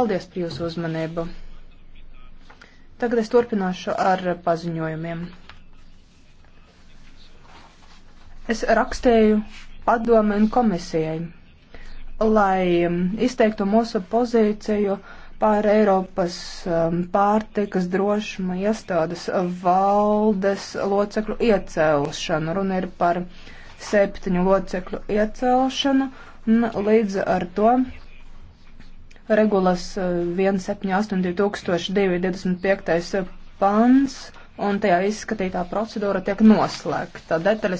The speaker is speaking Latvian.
Paldies par jūsu uzmanību. Tagad es turpināšu ar paziņojumiem. Es rakstēju padome un komisijai, lai um, izteiktu mūsu pozīciju par Eiropas um, pārtikas drošuma iestādes valdes locekļu iecelšanu. Runa ir par septiņu locekļu iecelšanu, un līdz ar to regulas 178225. Eh, eh, pants, un tajā izskatītā procedūra tiek noslēgta. Detaļas